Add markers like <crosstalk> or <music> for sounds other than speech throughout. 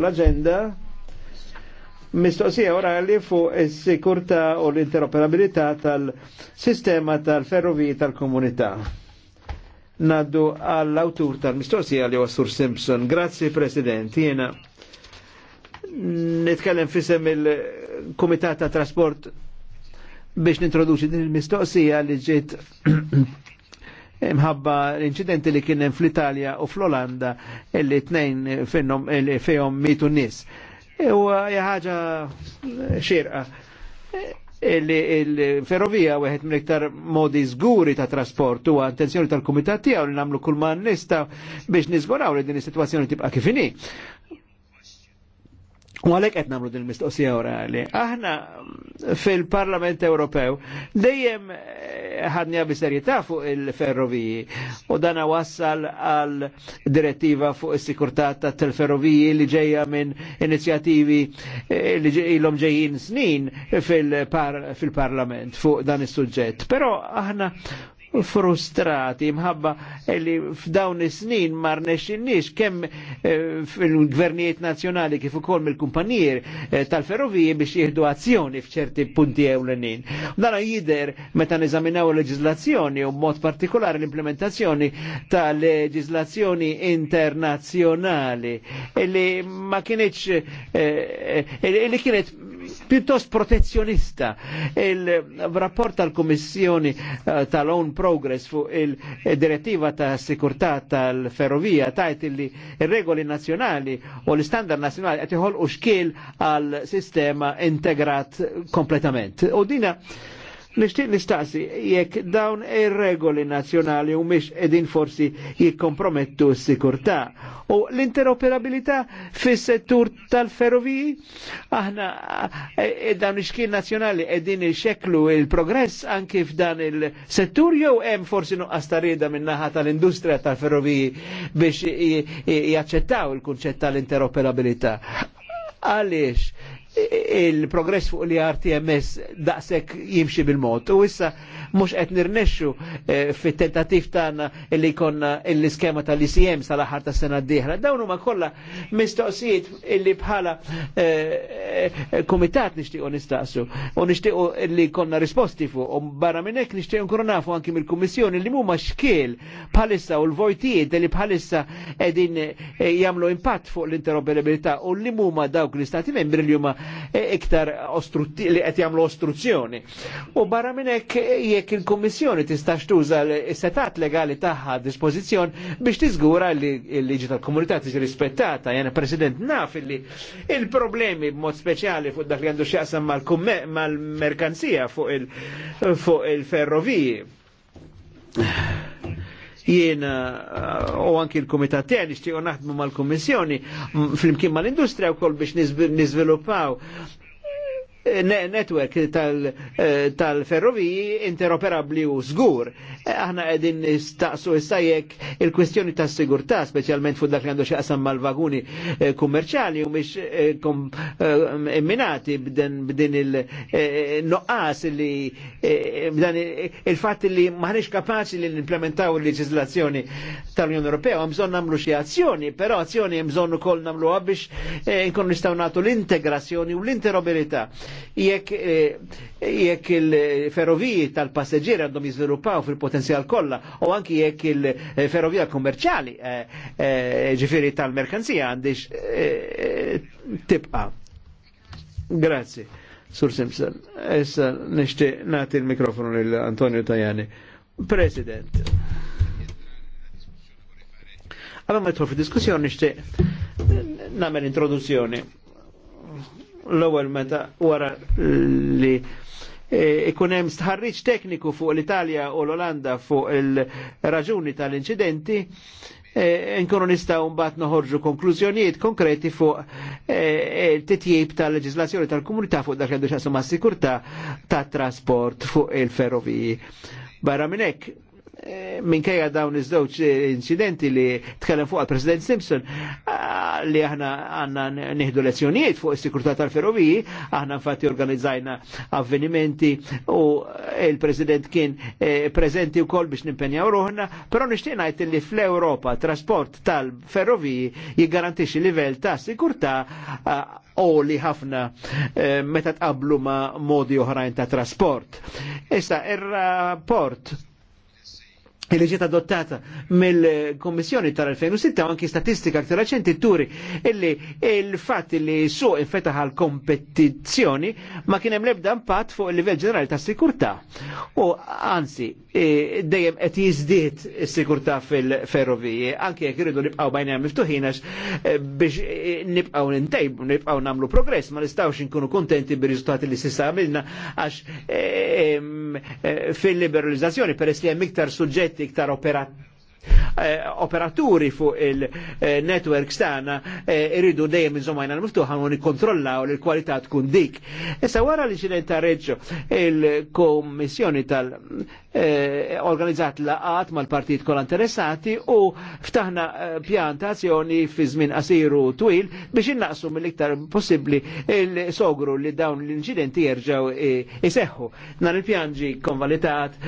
l-agenda mistoqsija orali fuq is-sikurta u l-interoperabilità tal-sistema tal-ferroviji tal-komunità. Naddu għall-autur tal-mistoqsija li għassur Simpson. Grazzi, President. Jena nitkellem fisem il kumitat ta' Trasport biex nintroduċi din il-mistoqsija li ġiet <clears throat> mħabba l-inċidenti li kienem fl-Italja u fl-Olanda illi tnejn fejhom mitu nis. E, u uh, ħaġa uh, xirqa e, il-ferrovija u għed mill modi zguri ta' trasport u attenzjoni tal komitati għaw li namlu kull man nista biex nizguraw li din is-situazzjoni tibqa' kifini. U għalek qed namlu din mistoqsija orali. Aħna mm, fil-Parlament Ewropew dejjem eh, ħadnija serjetà fuq il-ferroviji u dana wassal għal direttiva fuq is-sikurtà tal-ferroviji li ġejja minn inizjattivi eh, li ilhom ġejjin snin fil-Parlament fuq dan is-suġġett. Però aħna frustrati mħabba li f'dawn is-snin ma rnexxinniex kemm eh, fil-gvernijiet nazzjonali kif ukoll mill-kumpanijiet eh, tal-ferroviji biex jieħdu azzjoni f'ċerti punti ewlenin. Dan jider meta niżaminaw leġiżlazzjoni u mod partikolari l-implementazzjoni ta' leġiżlazzjoni internazzjonali li ma kienieċ eh, li kienet piuttost protezzjonista. Il-rapport eh, tal-Kommissjoni eh, tal-Own Progress fuq il-direttiva eh, ta' sikurtà tal-ferrovija tajt li regoli nazjonali u l-standard nazjonali qed u xkiel għal sistema integrat kompletament. U dina Nishtiq nistaqsi jekk dawn ir-regoli nazzjonali u mhix qegħdin forsi jikkompromettu s-sikurtà u l-interoperabilità fis-settur tal-ferroviji. Aħna dawn ix-xkien nazzjonali qegħdin ixekklu il-progress anki f'dan il-settur jew hemm forsi nuqqas tarieda min-naħa tal-industrija tal-ferroviji biex jaċċettaw il-kunċett tal-interoperabilità. Għaliex il-progress fuq li RTMS daqsek jimxi bil-mod. U issa mux qed nirnexxu eh, fit tentativ tagħna li konna l-iskema tal-ICM sal-aħħar ta' sena d-dieħla. Dawn huma kollha mistoqsijiet illi bħala eh, eh, komitat nixtiequ nistaqsu u nixtiequ li konna risposti fuq u barra minn hekk nixtiequ nkunu nafu anki mill-Kummissjoni li huma xkiel bħalissa u l-vojtijiet li bħalissa qegħdin jagħmlu impatt fuq l-interoperabilità u li huma dawk l-istati membri li huma E iktar li qed jagħmlu ostruzzjoni. U barra minn hekk jekk il-Kummissjoni tistax tuża l-setat legali tagħha dispożizzjon biex tiżgura li l-liġi tal-komunità tiġi rispettata. Jena President naf li il-problemi b'mod speċjali fuq dak li għandu x'jaqsam mal-merkanzija fuq il-ferroviji jiena eh, u anki l-Kumitat tiegħi nixtiequ naħdmu mal-Kummissjoni flimkien mal-Industrija wkoll biex niżviluppaw network eh, tal-ferroviji tal interoperabli u zgur. Eh, aħna għedin staqsu jek il-kwestjoni ta' sigurta, specialment fu dak li għandu xaqsam mal-vaguni eh, kummerċali u miex imminati b'din il-noqqas li il-fat li maħniex kapaċi li implementaw il-leġizlazzjoni tal-Unjoni Ewropea, bżon namlu xie azzjoni, però azzjoni bżon u koll namlu biex nkun nistaw natu l-integrazzjoni u l-interoperabilità jekk eh, jekk il-ferroviji tal-passeġġieri għandhom jiżviluppaw fil-potenzjal kollha u anki jekk il-ferrovija kummerċjali eh, eh, ġifieri tal-merkanzija għandix tibqa'. Grazzi, Sur Simpson. Issa nixtieq nagħti l-mikrofonu lil Antonio Tajani. President. Allora ma jitħol fi diskussjoni nixtieq nagħmel introduzzjoni l-ewwel meta wara li e, ikun hemm stħarriġ tekniku fuq l-Italja u l-Olanda fuq il-raġuni tal-inċidenti, e, nkunu nistgħu mbagħad noħorġu konklużjonijiet konkreti fuq il-titjib e, tal-leġislazzjoni tal-komunità fuq dak li ma' sikurtà tat trasport fuq il-ferroviji. Barra minn hekk minkejja dawn iż-żewġ incidenti li tkellem fuq għal-President Simpson li aħna għanna nieħdu lezzjonijiet fuq is-sikurtà tal-ferroviji, aħna infatti organizzajna avvenimenti u il-President kien e, preżenti wkoll biex nimpenjaw ruħna, però nixtieq ngħid li fl-Ewropa trasport tal-ferroviji jiggarantixxi livell ta' sikurtà oli ħafna e, meta tqablu ma' modi oħrajn ta' trasport. Issa, ir-rapport il-ġiet adottata mill-Kommissjoni tal-2006 anki statistika aktar reċenti turi illi il fat li su infetaħ għal kompetizzjoni ma kien hemm l-ebda impatt fuq il-livell ġenerali ta' sikurtà. U anzi, e, dejjem qed jiżdied is-sikurtà fil ferrovije anki jekk iridu nibqgħu bajnija miftuħin e, biex e, nibqgħu ntejbu, nibqgħu nagħmlu progress, ma nistgħux inkunu kontenti bir-riżultati li s'issa għamilna għax fil-liberalizzazzjoni peress li hemm iktar suġġetti proġetti iktar operattivi eh, operaturi fuq il-networks tagħna eh, iridu dejjem inżomajna l-miftuħa u nikkontrollaw u l-kwalità tkun dik. Issa wara li xinet ta' reġġo il-Kommissjoni tal- Eh, organizzat laqat mal-partit kol interessati u ftaħna eh, pjantazzjoni fi żmien qasiru twil biex innaqsu mill-iktar possibbli il-sogru li dawn l-inċidenti jerġaw eh, iseħħu. Nar il-pjan ġi konvalitat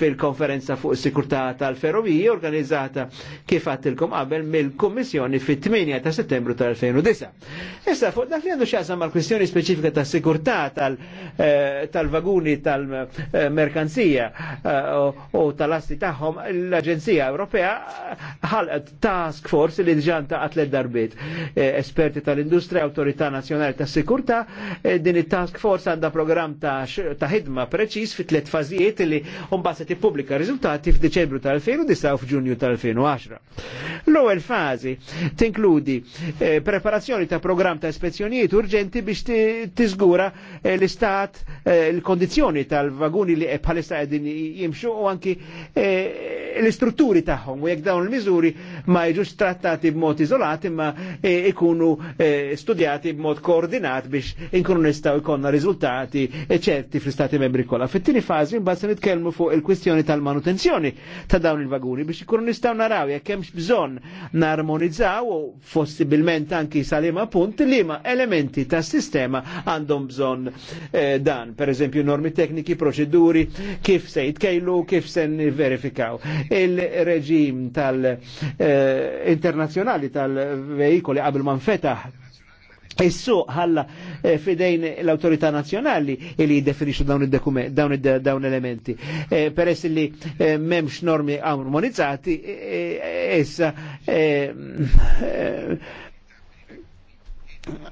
fil-konferenza fuq sikurtà tal-ferroviji organizzata kif għattilkom qabel mill-Kummissjoni fit-8 ta' settembru tal-2009. Issa fuq dak li għandu xaqsam mal-kwestjoni speċifika tas sikurtà tal-vaguni tal-merkanzija Eh, u tal asti tagħhom l-Aġenzija Ewropea eh, ħalqet task force li diġan ta' tliet darbiet. Eh, esperti tal industria Autorità Nazzjonali ta' Sikurta, din it-task force għandha programm ta' ħidma preċiż fit tliet fażijiet li mbagħad se tippubblika riżultati f'Diċembru tal-2009 u f'Ġunju tal-2010. L-ewwel fażi tinkludi preparazzjoni ta' programm ta' ispezzjonijiet urġenti biex tiżgura l-istat il kondizzjoni tal-vaguni li bħalissa qegħdin jimxu u anki eh, l-istrutturi tagħhom u jekk dawn il-miżuri ma jiġux trattati b'mod iżolat imma eh, ikunu eh, studjati b'mod koordinat biex inkunu nistgħu jkollna riżultati ċerti fl-istati membri kollha. Fit-tieni fażi mbagħad se nitkellmu fuq il-kwistjoni tal-manutenzjoni ta' dawn il-vaguni biex ikunu nistgħu naraw jekk hemmx bżonn narmonizzaw u possibilment anki salima punt liema elementi tas sistema għandhom bżonn dan, per eżempju normi tekniki, proċeduri, kif se xejlu kif sen verifikaw. Il-reġim tal-internazjonali eh, tal-vejkoli qabel man fetaħ Issu ħalla eh, fidejn l-autorità nazjonali li jiddefinixu dawn il-dokument, dawn dawn elementi. E, Peress li e, memx normi armonizzati, issa e,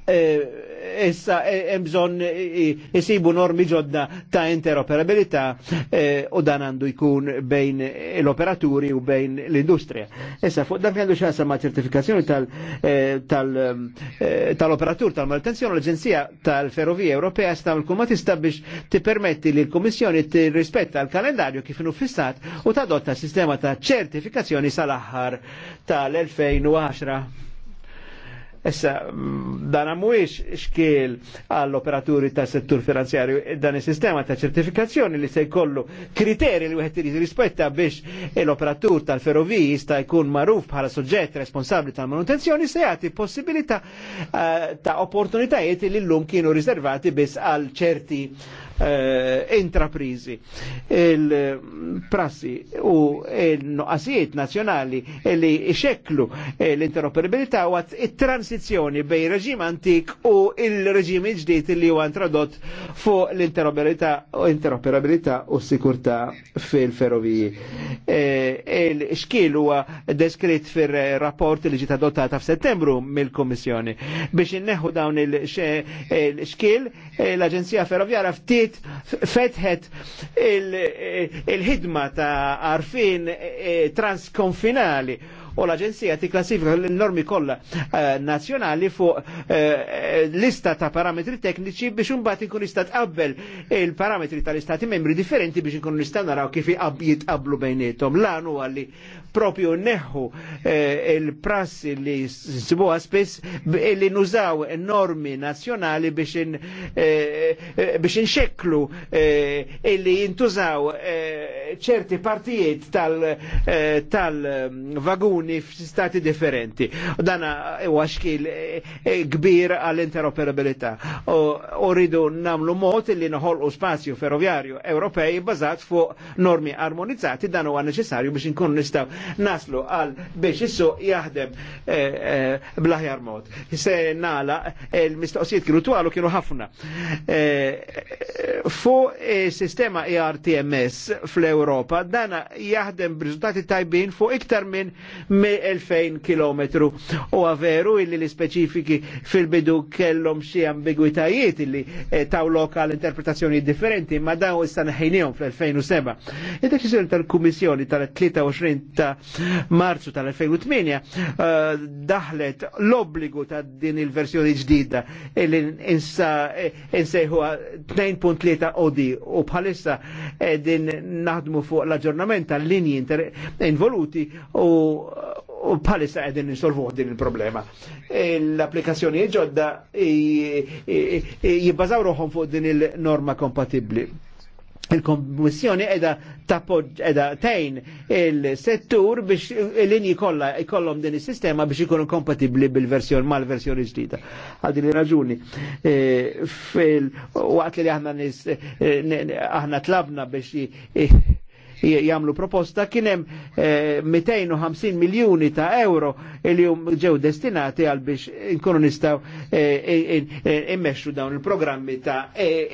Eh, issa eh, hemm bżonn eh, isibu normi ġodda ta' interoperabilità u dan għandu jkun bejn l-operaturi u bejn l-industrija. Issa fuq dan għandu xansa ma' ċertifikazzjoni tal-operatur tal-maltenzjoni l-Aġenzija tal-Ferrovija Ewropea l ma tista' biex tippermetti li l-Kummissjoni tirrispetta l-kalendarju kif inhu u u tadotta sistema ta' ċertifikazzjoni sal-aħħar tal-2010. Issa, mm, dana mhuwiex xkiel għall-operaturi ta' settur finanzjarju dan is-sistema ta' ċertifikazzjoni li se jkollu kriteri li wieħed irid rispetta biex l-operatur tal-ferroviji jista' jkun magħruf bħala soġġett responsabbli tal-manutenzjoni se jagħti possibilità eh, ta' opportunitajiet li llum kienu riservati biss għal ċerti eh, intraprizi. Il-prassi u il nuqasijiet nazjonali li ixeklu eh, l-interoperabilità u il transizjoni bej reġim antik u il-reġim ġdijt li huwa introdott fuq l-interoperabilità u sikurtà fil-ferroviji. Eh, il-xkil huwa deskritt fil-rapport li ġiet adottata f'Settembru mill-Kommissjoni. Biex inneħu dawn il-xkil, eh, l-Aġenzija Ferrovjara ftit ftit fetħet il-ħidma ta' arfin eh, transkonfinali u l-Aġenzija tikklassifika l-normi kollha eh, nazzjonali fuq eh, lista ta' parametri tekniċi biex imbagħad inkun jista' tqabbel il-parametri tal-istati membri differenti biex inkun nista' naraw kif jitqablu bejniethom. għan huwa li propju neħu eh, il-prassi li s-sibuħa spess li nużaw normi nazjonali biex eh, eh, nxeklu illi jintużaw ċerti partijiet tal-vaguni f-stati differenti. Dana għaxkil kbir għall-interoperabilità. U rridu namlu mod li noħolqu spazju ferroviarju Ewropej bazat fuq normi armonizzati dan huwa neċessarju biex nkunu nistgħu naslu għal biex jissu jaħdem eh, eh, blaħjar mod. Se nala il-mistoqsijiet kienu twalu kienu ħafna. Eh, fu sistema ERTMS fl-Europa dana jaħdem b'riżultati tajbin fuq iktar minn 2000 km u għaveru illi l-speċifiki fil-bidu kellhom xi ambigwitajiet illi taw lokal interpretazzjoni differenti ma daw issa fl-2007. id deċizjoni tal-Kummissjoni tal-23 ta' marzu tal-2008 uh, daħlet l-obbligu ta' din il-versjoni ġdida illi insejħu 2.3 OD u bħalissa din naħdmu fuq l-aġġornament tal-linji involuti u u bħalissa għedin nisolvu din il-problema. L-applikazzjoni ġodda jibbażaw ruħom fuq din il-norma kompatibli il-Kommissjoni edha tappoġġ edha tejn il-settur biex l-linji kollha jkollhom din is-sistema biex ikunu kompatibbli bil-versjon mal-versjoni ġdida. Għaddi li raġuni e, fil-waqt li aħna e, aħna tlabna biex Jamlu proposta kien hemm 250 eh, miljuni ta' euro li jum ġew destinati għal biex nkunu nistaw eh, eh, immexxu dawn il-programmi ta'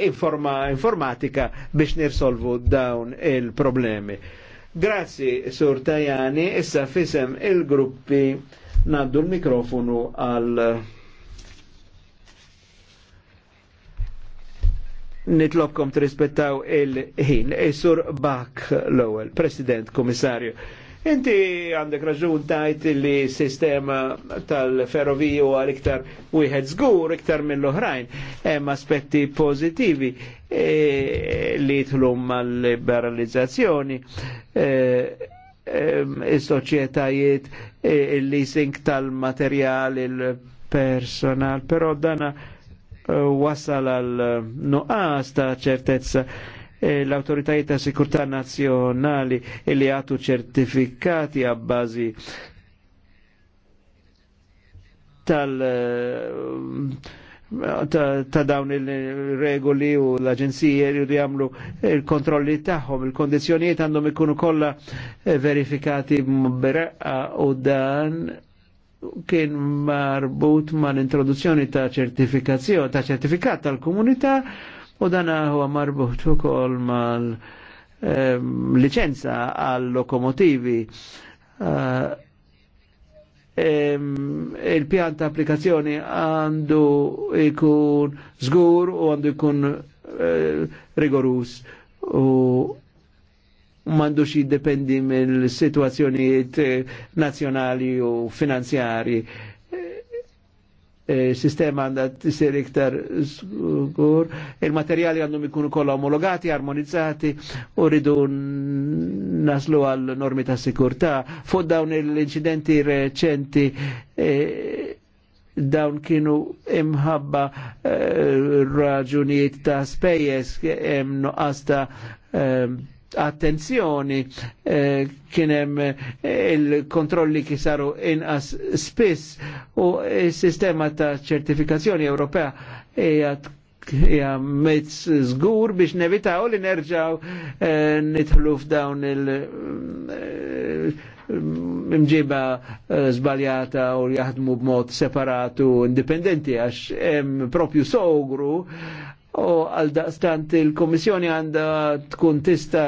informatika biex nirsolvu dawn il-problemi. Grazzi, Sur Tajani, issa fisem il-gruppi naddu l-mikrofonu għal nitlobkom trispettaw il-ħin. Isur e Bak l President, Komissarju. Inti għandek raġun tajt li sistema tal ferrovija u għal iktar wieħed zgur iktar minn l oħrajn hemm aspetti pożittivi e, li jidħlu mal-liberalizzazzjoni. E, e, il-soċietajiet, il-leasing tal-materjal, il-personal, però dana Eh, wasal għal eh, nuqqas ta' ċertezza eh, l-autoritajiet ta' sikurtà nazzjonali li għatu ċertifikati għabbażi tal ta', dawn il-regoli u l-aġenzije li jagħmlu il-kontrolli tagħhom, il-kondizzjonijiet għandhom ikunu kollha verifikati b'reqqa u dan kien marbut ma l-introduzzjoni ta' ċertifikazzjoni, ta' ċertifikat tal-komunità u dan huwa marbut ukoll mal ehm, licenza għal lokomotivi. Eh, ehm, il pjanta ta' applikazzjoni għandu ikun zgur u għandu ikun eh, rigorus u mandux jiddependi mill-situazzjonijiet eh, nazjonali u finanzjari. E, sistema għandha tisir iktar skur, il-materjali għandhom ikunu kollha omologati, armonizzati u rridu naslu għal normi ta' sikurta. Fuq dawn l incidenti reċenti dawn kienu imħabba raġunijiet ta' spejjeż hemm noqasta attenzjoni eh, kienem eh, il-kontrolli kisaru inqas spiss u il-sistema ta' ċertifikazzjoni Ewropea hija mezz żgur biex nevitaw li nerġaw eh, nidħlu f'dawn il- eh, mġiba zbaljata u jaħdmu b'mod separatu indipendenti għax propju sogru u għal daqstant il-Komissjoni għanda tkun tista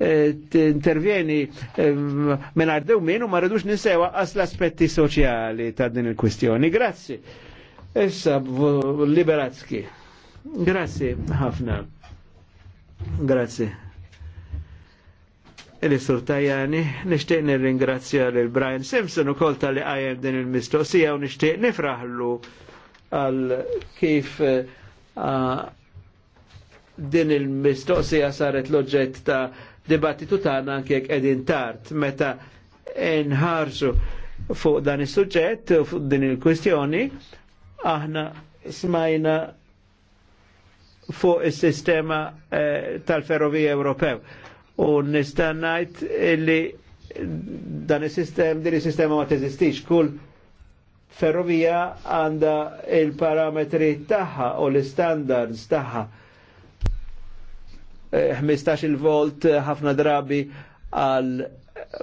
eh, t-intervjeni eh, minn għardew minn u ma rridux ninsewa għas l-aspetti soċjali ta' din il-kwistjoni. Grazzi. Issa, Liberatski. Grazzi, ħafna. Grazzi. Il-Sur Tajani, nishtiq nir-ringrazzja l-Brian Simpson u kol tal-li għajem din il-mistoqsija u nishtiq nifraħlu għal kif eh, din il-mistoqsija saret l-oġġett ta' dibattitu tagħna anke jekk qegħdin tard meta nħarsu fuq dan is-suġġett fuq din il-kwistjoni aħna smajna fuq is-sistema eh, tal-Ferrovija Ewropew. U nista' ngħid illi dan is-sistem din is-sistema ma teżistix kull ferrovija għandha il-parametri tagħha u l-standards tagħha 15 il-volt eh, ħafna drabi għal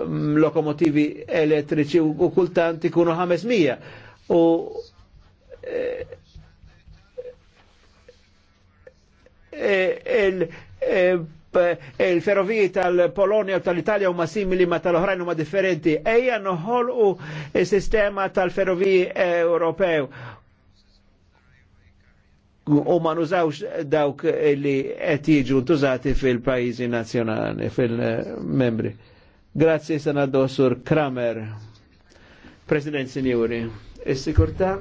mm, lokomotivi elettriċi u kultant ikunu 500. U eh, eh, il-ferroviji tal-Polonia u tal-Italja huma simili ma tal-oħrajn huma differenti. Ejja noħolqu sistema tal-ferroviji Ewropew u ma nużawx dawk li qed jiġu ntużati fil-pajjiżi nazzjonali, fil-membri. Grazzi sanaddu sur Kramer, President Sinjuri. Is-sikurtà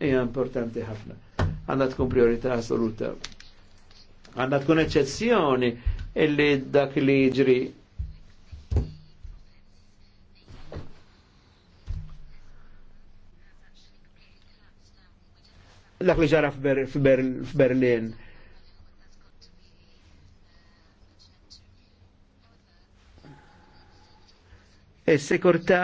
hija importanti ħafna. Għandha tkun priorità assoluta. Għandha tkun eċċezzjoni illi dak li jiġri dak li ġara f'Berlin. Is-sikurtà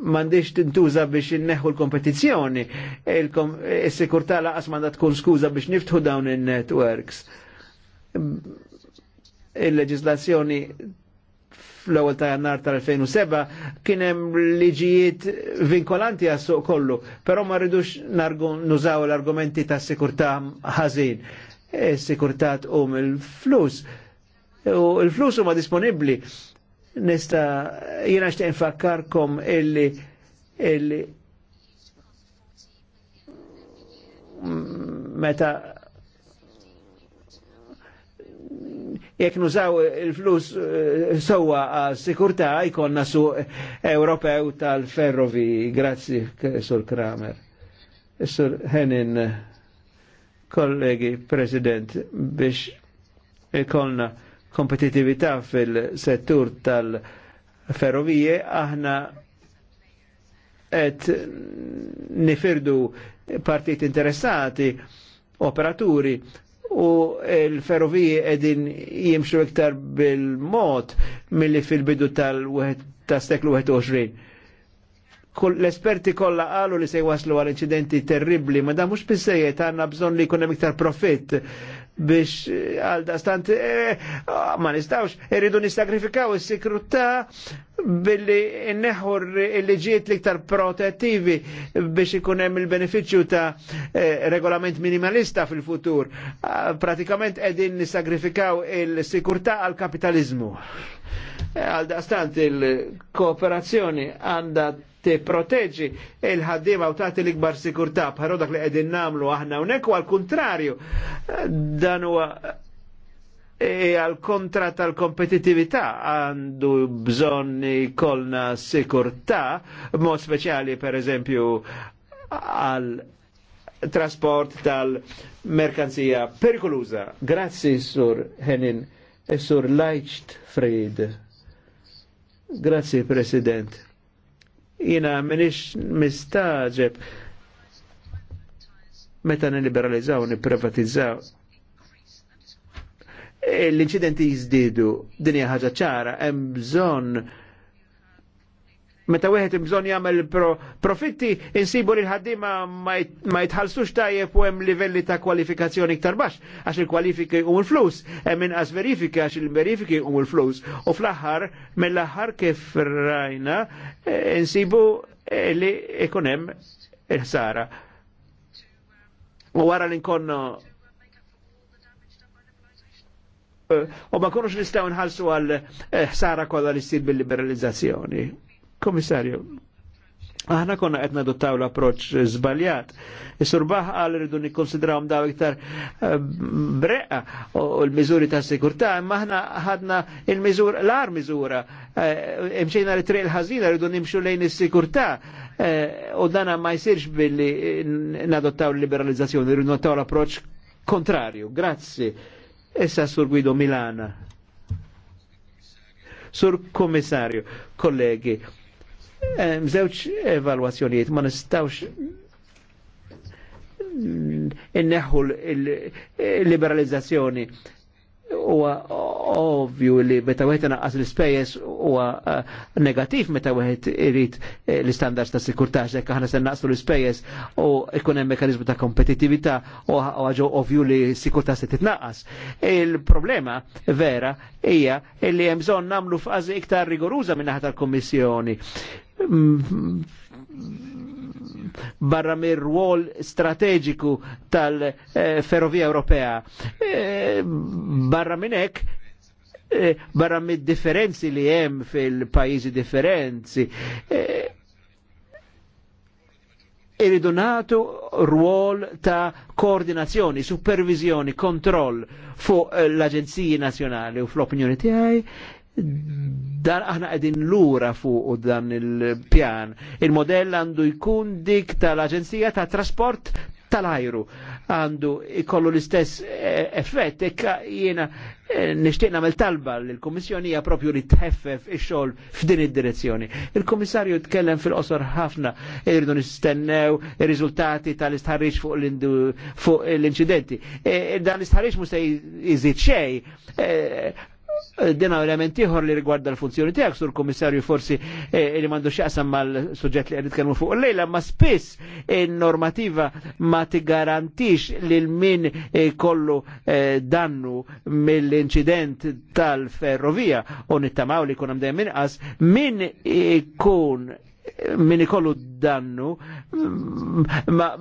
m'għandix tintuża biex inneħu l-kompetizzjoni. Is-sikurtà laqas m'għandha tkun skuża biex niftħu dawn in-networks. Il-leġislazzjoni fl-ewwel ta' jannar tal-2007 kien hemm liġijiet vinkolanti għas-suq kollu, però ma rridux nużaw l-argumenti ta' sikurtà ħażin. E, sikurtà tqum il-flus. U l-flus huma disponibbli. Nista jiena xtieq infakkarkom illi illi meta jekk nużaw il-flus eh, sowa sikurta jkonna su Ewropew tal-ferrovi. Grazzi, Sur Kramer. Sur Henin, kollegi, President, biex ikolna kompetitività fil-settur tal-ferrovije, aħna et nifirdu partit interessati, operaturi, u l-ferroviji edin jimxu iktar bil-mod mill-li fil-bidu tal-seklu 21. L-esperti kolla għalu li se waslu għal incidenti terribli, ma da mux pissejiet għanna bżon li kunem iktar profitt biex eh, għalda stant eh, ma nistawx irridu e nistagrifikaw is billi neħur il-liġiet liktar protettivi biex ikun hemm il beneficju ta' eh, regolament minimalista fil-futur. Ah, pratikament edin nisagrifikaw il-sikurtà għal kapitalizmu. Għalda stant il-kooperazzjoni għanda proteġi il-ħaddima u tagħti l-ikbar sikurtà bħal dak li qegħdin namlu aħna hawnhekk u għall-kuntrarju dan huwa għal e, e, kontra tal-kompetitività għandu bżon kolna sikurtà, mod speċjali per eżempju għal trasport tal-merkanzija perikoluza. Grazzi, Sur Henin, e Sur Leichtfried. Grazzi, President jina minix mistaġeb meta n-liberalizzaw, n-privatizzaw. E, l-incidenti jizdidu, dinja ħaġa ċara, hemm bżonn meta wieħed bżonn jagħmel profitti, insibu li l-ħaddiema ma jitħallsux tajjeb u hemm livelli ta' kwalifikazzjoni iktar baxx, għax il-kwalifiki u l-flus, hemm inqas verifika għax il-verifiki u l-flus. U fl-aħħar, mill-aħħar kif rajna, eh, insibu eh, li ikun hemm il-ħsara. U wara li nkonna eh, u ma konux nistaw nħalsu għal ħsara kollha li ssir bil-liberalizzazzjoni. Komissarju, Aħna konna għetna qed taw l-approċ zbaljat. Is-surbaħ għal rridu nikkonsidrawhom daw iktar eh, breqqa u l mizuri ta' sikurta, imma aħna ħadna il mizur l-ar mizura, eh, Imxejna li triq il-ħażina rridu nimxu lejn is sikurta eh, u dana ma jsirx billi nadottaw l-liberalizzazzjoni, rridu nadottaw l-approċ kontrarju. Grazzi. Issa sur Guido Milana. Sur Kommissarju, kollegi mżewċ evalwazzjonijiet ma nistawx inneħu l-liberalizzazzjoni huwa ovvju li meta wieħed inaqqas l-ispejjeż huwa eh, negattiv meta wieħed irid eh, l-istandards ta' sikurtà x'hekk aħna se naqslu l-ispejjeż u jkun hemm mekanizmu ta' kompetittività u ħaġa ovvju li sikurtà se titnaqqas. Il-problema vera hija li hemm bżonn nagħmlu f'qażi iktar rigoruża minn naħa tal-Kummissjoni barra mir ruol strategiku tal-Ferrovija eh, Ewropea. Eh, barra minn eh, barra mid differenzi li jem fil-pajjiżi differenzi. Iridu natu ruol ta' koordinazzjoni, supervizjoni, kontroll fuq l-Aġenziji Nazzjonali u fl-opinjoni tiegħi dan aħna qegħdin lura fuq dan il-pjan. Il-modell għandu jkun dik tal-Aġenzija ta' Trasport tal-ajru għandu ikollu l-istess eh, effett, ekka jiena eh, nishtiq namel talba l-Komissjoni hija propju li tħeffef ix-xogħol f'din id-direzzjoni. Il-Komissarju tkellem fil-qosor ħafna irridu nistennew ir-riżultati tal-istħarriġ fuq l-inċidenti. Eh, dan l-istħarriġ mhux se jżid xejn dina elementi ieħor li rigwarda l-funzjoni tiegħek sur komissarju forsi eh, li xaqsam ma mal sujġet li qed nitkellmu fuq lejla, ma spiss in-normativa eh, ma li lil min eh, kollu eh, dannu mill-inċident tal-ferrovija u nittamaw li kunam hemm dejjem inqas min ikun eh, min ikollu dannu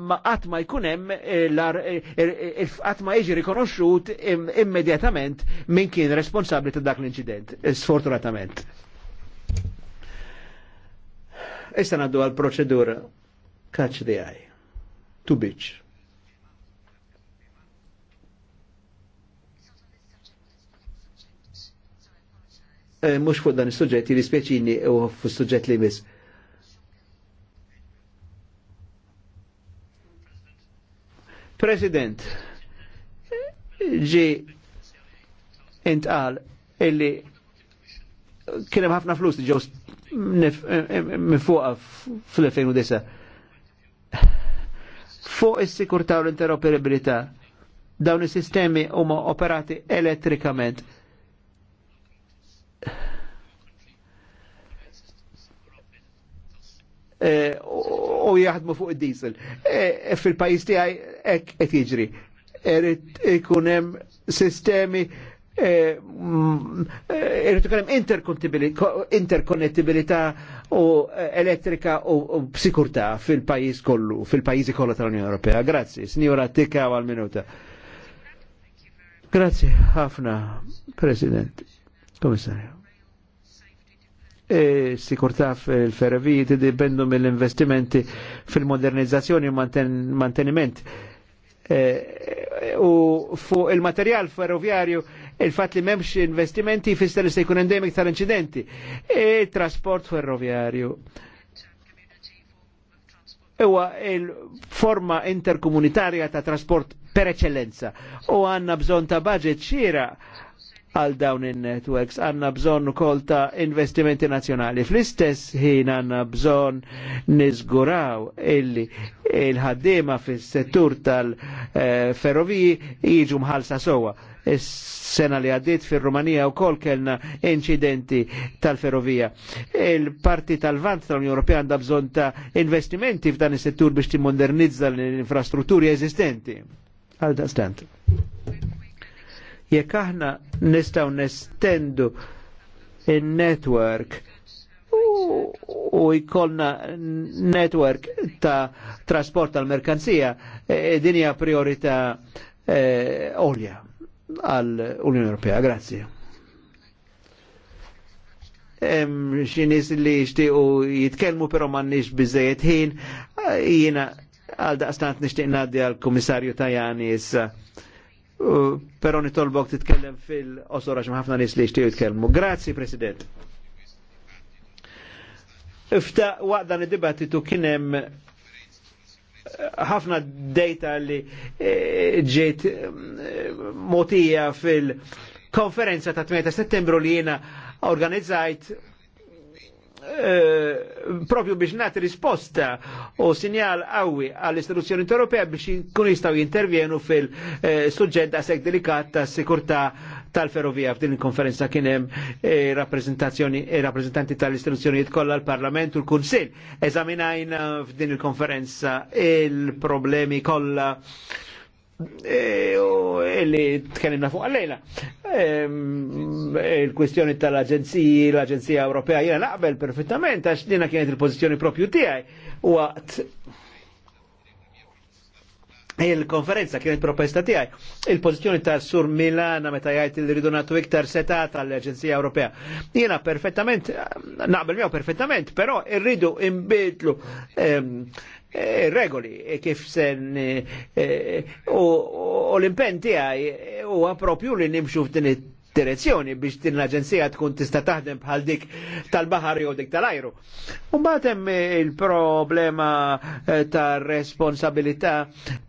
ma qatt ma jkun hemm eh, eh, er, eh, er, qatt ma jiġi rikonoxxut immedjatament min kien responsabbli ta' dak l-inċident, sfortunatament. Issa naddu għal proċedura catch the eye. To bitch. mux fuq dan il-sujġet, jirrispieċini u fuq suġġet li bis. President, ġi intqal illi kienem ħafna flus li ġew minfuqa fl-2009. Fuq is-sikurtà u l-interoperabilità dawn is-sistemi huma operati elettrikament. Eh, u jaħdmu fuq id-diesel. Eh, fil-pajis tiegħi ek et jiġri. Erid ikun hemm sistemi irritu eh, mm, eh, kienem interkonnettibilità u eh, elettrika u psikurtà fil-pajis kollu, fil-pajizi kollu tal-Unjoni Ewropea. Grazzi, signora Tikka għal minuta. Grazzi, ħafna, President, Komissarju. E, sikurtà fil-ferroviji dipendu mill-investimenti fil-modernizzazzjoni u mantenimenti. Manten Eh, u fuq il-materjal ferroviarju il-fat li memx investimenti li se jkun endemik tal-incidenti. il e trasport ferroviarju. Ewa il-forma interkomunitarja ta' trasport per eccellenza u għanna bżon ta' budget xira għal dawn in-networks għanna bżonn ukoll ta' investimenti nazzjonali. Fl-istess ħin għanna bżonn niżguraw illi il-ħaddiema fis-settur tal-ferroviji jiġu mħalsa sowa. Is-sena li għaddiet fir-Rumanija wkoll kellna incidenti tal-ferrovija. Il-parti tal-vant tal-Unjoni Ewropea għandha bżonn ta' investimenti f'dan is-settur biex timmodernizza l-infrastrutturi eżistenti. Għal da' stant. Jekk aħna nistgħu nestendu in-network u jkollna network ta' trasport tal merkanzija e, e din hija priorità e, olja għall-Unjoni Ewropea. Grazzi. hemm xi nies li jixtiequ jitkellmu però m'għandniex biżejjed ħin, jiena għal daqstant nixtieq ngħaddi għall-Kummissarju Tajani issa pero nitolbok titkellem fil-osora ħafna nis li xtiju jitkellmu. Grazzi, President. Ifta waqt dan id-dibattitu kienem eh, ħafna data li eh, ġiet eh, motija fil-konferenza ta' 8 settembru li jena organizzajt Eh, propju biex nati risposta u sinjal għawi għall-istituzzjoni Ewropea biex kun jistgħu jintervjenu fil-suġġett sek delikat ta' sikurtà tal-ferrovija f'din il-konferenza kien hemm eh, rappreżentanti eh, tal-istituzzjonijiet kollha l-Parlament u l-Kunsill. Eżaminajna f'din il-konferenza il-problemi kollha illi e, e, tkellimna fuq għallejla. Il-kwistjoni tal-Aġenziji, l-Aġenzija Ewropea, jena naqbel perfettament, għax dina kienet il-pozizjoni propju tiegħi waqt Il-konferenza kienet proposta tiegħi. il pozizjoni ta' Sur Milana meta jgħid il ridunatu iktar seta tal aġenzija Ewropea. Jiena perfettament naqbel miegħu perfettament, però irridu imbidlu Eh, regoli e kif sen eh, eh, u l-impen tijaj huwa propju li nimxu f'din direzzjoni biex din l-aġenzija tkun tista taħdem bħal dik tal-bahar jew dik tal-ajru. Mbagħad hemm il-problema tar-responsabilità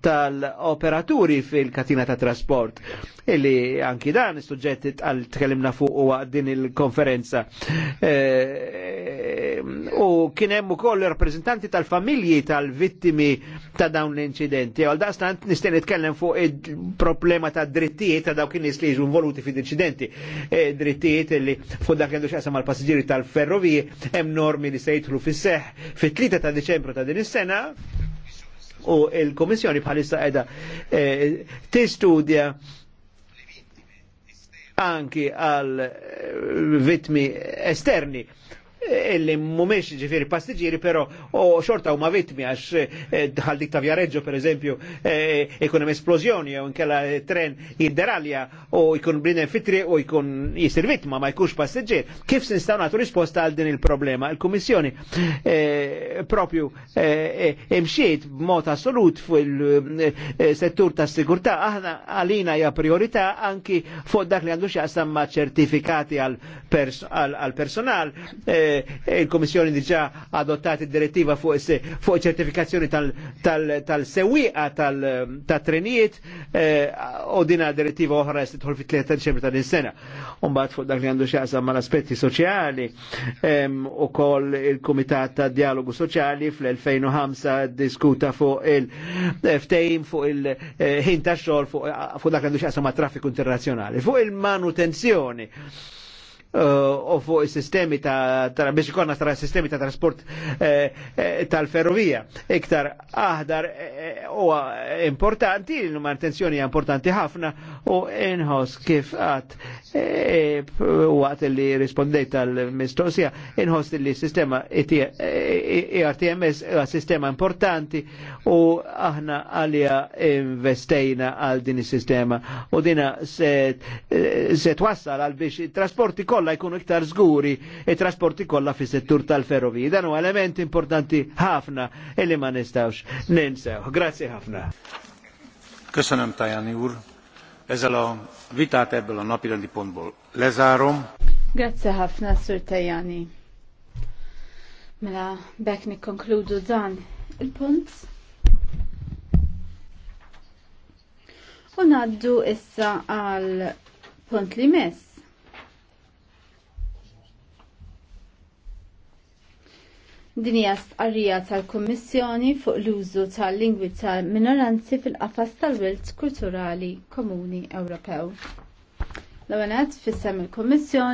tal-operaturi fil-katina ta' trasport illi anki dan is-suġġett għal tkellimna fuq u din il-konferenza u kien hemm ukoll rappreżentanti tal-familji tal-vittimi ta' dawn l-inċidenti. Għal dastant nistgħu nitkellem fuq il-problema ta' drittijiet ta' dawk in-nies li jiġu involuti fid-inċidenti. E, drittijiet li fuq dak għandu x'qasam mal-passiġġieri tal ferrovie hemm normi li se jidħlu fis-seħħ fit-3 ta' Deċembru ta' din is-sena u il-Komissjoni bħalissa edha eh, tistudja anki għal vitmi esterni illi mumiex ġifiri pastiġiri, pero o xorta u ma vitmi għax eh, dħal dik ta' vjareġġo per eżempju eh, ikun hemm esplosjoni jew inkella tren jidderalja u jkun blinen fitri u jkun jisir vittma ma jkunx pastiġir. Kif se nistgħu nagħtu risposta għal din il-problema? Il-Kummissjoni eh, propju imxiet b'mod assolut fil-settur ta' sigurtà aħna għalina hija priorità anki fuq dak li għandu xi ma' ċertifikati għal personal Eh, il-Komissjoni diġa adottat id-direttiva fuq ċertifikazzjoni tal-sewiqa tal-trenijiet u eh, dina direttiva oħra jistidħol fit 3 ċembru ta' din sena. Umbat fuq dak li għandu xaqsa ma' l aspetti soċjali u kol il-Komitat ta' Dialogu Soċjali fl-2005 diskuta fuq il-ftejm fuq il-ħin eh, ta' xol fuq dak li għandu xaqsa ma' traffiku internazjonali. Fuq il-manutenzjoni u eh, fuq is-sistemi ta' biex ikonna tra sistemi ta' trasport eh, eh, tal-ferrovija. Iktar aħdar huwa importanti, l-manutenzjoni hija importanti ħafna u inħoss kif għat waqt li rispondejt tal-mistoqsija, inħoss li s-sistema ERTMS e, e huwa sistema importanti u aħna għalija investejna għal din is-sistema u dina se twassal għal biex trasporti kollha kolla jkunu iktar zguri it-trasporti kolla fi settur tal ferrovi Dan huwa element importanti ħafna illi ma nistawx ninsew. Grazzi ħafna. Köszönöm Tajani úr. Ezzel a vitát ebből a napi rendi pontból lezárom. Grazie ħafna, Sur Tajani. Mela, bekk konkludu dan il-punt. Unaddu issa għal punt li mess. Din hija stqarrija tal-Kummissjoni fuq l-użu tal-lingwi tal-minoranzi fil-qafas tal-wilt kulturali komuni Ewropew. L-għanet fissam il-Kummissjoni